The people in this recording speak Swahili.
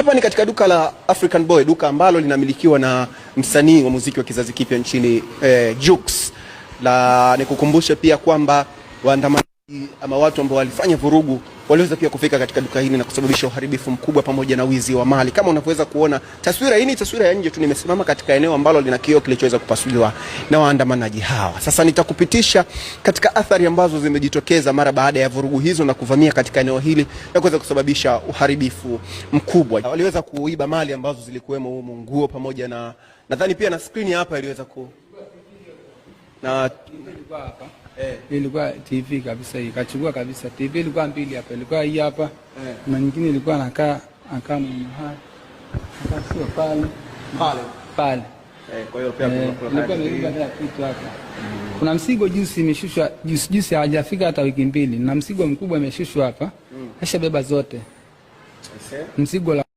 Hapa ni katika duka la African Boy, duka ambalo linamilikiwa na msanii wa muziki wa kizazi kipya nchini eh, Jux. La nikukumbushe pia kwamba waandamanaji ama watu ambao walifanya vurugu waliweza pia kufika katika duka hili na kusababisha uharibifu mkubwa pamoja na wizi wa mali. Kama unavyoweza kuona taswira hii ni taswira ya nje tu, nimesimama katika eneo ambalo lina kioo kilichoweza kupasuliwa na waandamanaji hawa. Sasa nitakupitisha katika athari ambazo zimejitokeza mara baada ya vurugu hizo na kuvamia katika eneo hili na kuweza kusababisha uharibifu mkubwa. Waliweza kuiba mali ambazo zilikuwemo humo nguo pamoja na nadhani pia na skrini hapa iliweza ku na ilikuwa hapa eh, ilikuwa TV kabisa hii, kachukua kabisa TV. Ilikuwa mbili hapa, ilikuwa hii hapa eh, na nyingine ilikuwa nakaa akaa mwenye hapa pale pale pale eh, eh, kuna kitu hapa kuna msigo juzi imeshushwa juzi juzi, hajafika hata wiki mbili, na msigo mkubwa imeshushwa hapa, mm. ashabeba zote msigo la